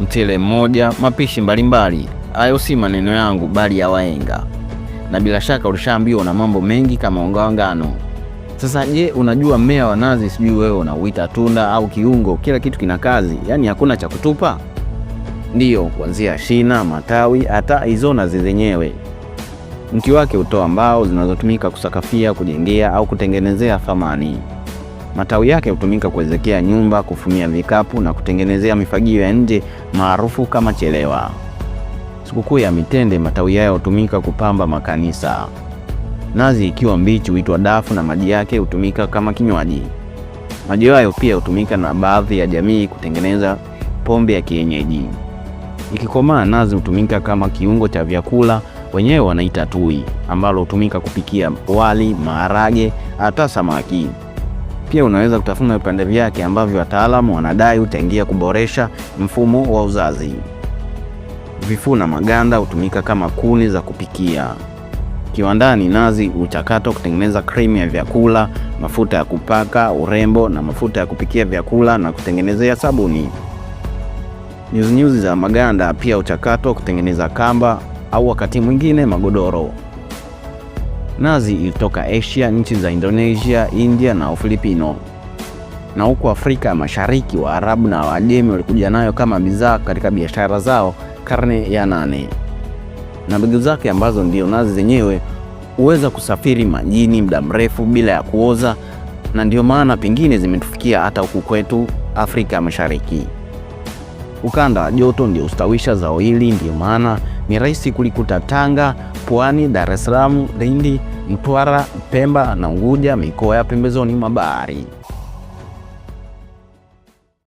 mtele mmoja, mapishi mbalimbali. Hayo si maneno yangu, bali ya wahenga, na bila shaka ulishaambiwa na mambo mengi kama unga wa ngano. Sasa je, unajua mmea wa nazi? Sijui wewe unauita tunda au kiungo. Kila kitu kina kazi, yaani hakuna cha kutupa. Ndiyo, kuanzia shina, matawi, hata hizo nazi zenyewe. Mti wake hutoa mbao zinazotumika kusakafia, kujengea au kutengenezea thamani. Matawi yake hutumika kuwezekea nyumba, kufumia vikapu na kutengenezea mifagio ya nje maarufu kama chelewa. Sikukuu ya mitende, matawi yayo hutumika kupamba makanisa. Nazi ikiwa mbichi huitwa dafu na maji yake hutumika kama kinywaji. Maji hayo pia hutumika na baadhi ya jamii kutengeneza pombe ya kienyeji. Ikikomaa, nazi hutumika kama kiungo cha vyakula, wenyewe wanaita tui, ambalo hutumika kupikia wali, maharage, hata samaki. Pia unaweza kutafuna vipande vyake ambavyo wataalamu wanadai utaingia kuboresha mfumo wa uzazi. Vifuu na maganda hutumika kama kuni za kupikia. Kiwandani, nazi huchakatwa kutengeneza krimu ya vyakula, mafuta ya kupaka urembo na mafuta ya kupikia vyakula na kutengenezea sabuni. Nyuzinyuzi za maganda pia huchakatwa kutengeneza kamba au wakati mwingine magodoro. Nazi ilitoka Asia, nchi za Indonesia, India na Ufilipino, na huko Afrika ya Mashariki Waarabu na Wajemi walikuja nayo kama bidhaa katika biashara zao karne ya nane, na mbegu zake ambazo ndio nazi zenyewe huweza kusafiri majini muda mrefu bila ya kuoza, na ndio maana pengine zimetufikia hata huku kwetu Afrika Mashariki ukanda wa joto ndio ustawisha zao hili, ndio maana ni rahisi kulikuta Tanga, Pwani, Dar es Salaam, Lindi, Mtwara, Pemba na Unguja, mikoa ya pembezoni mwa bahari.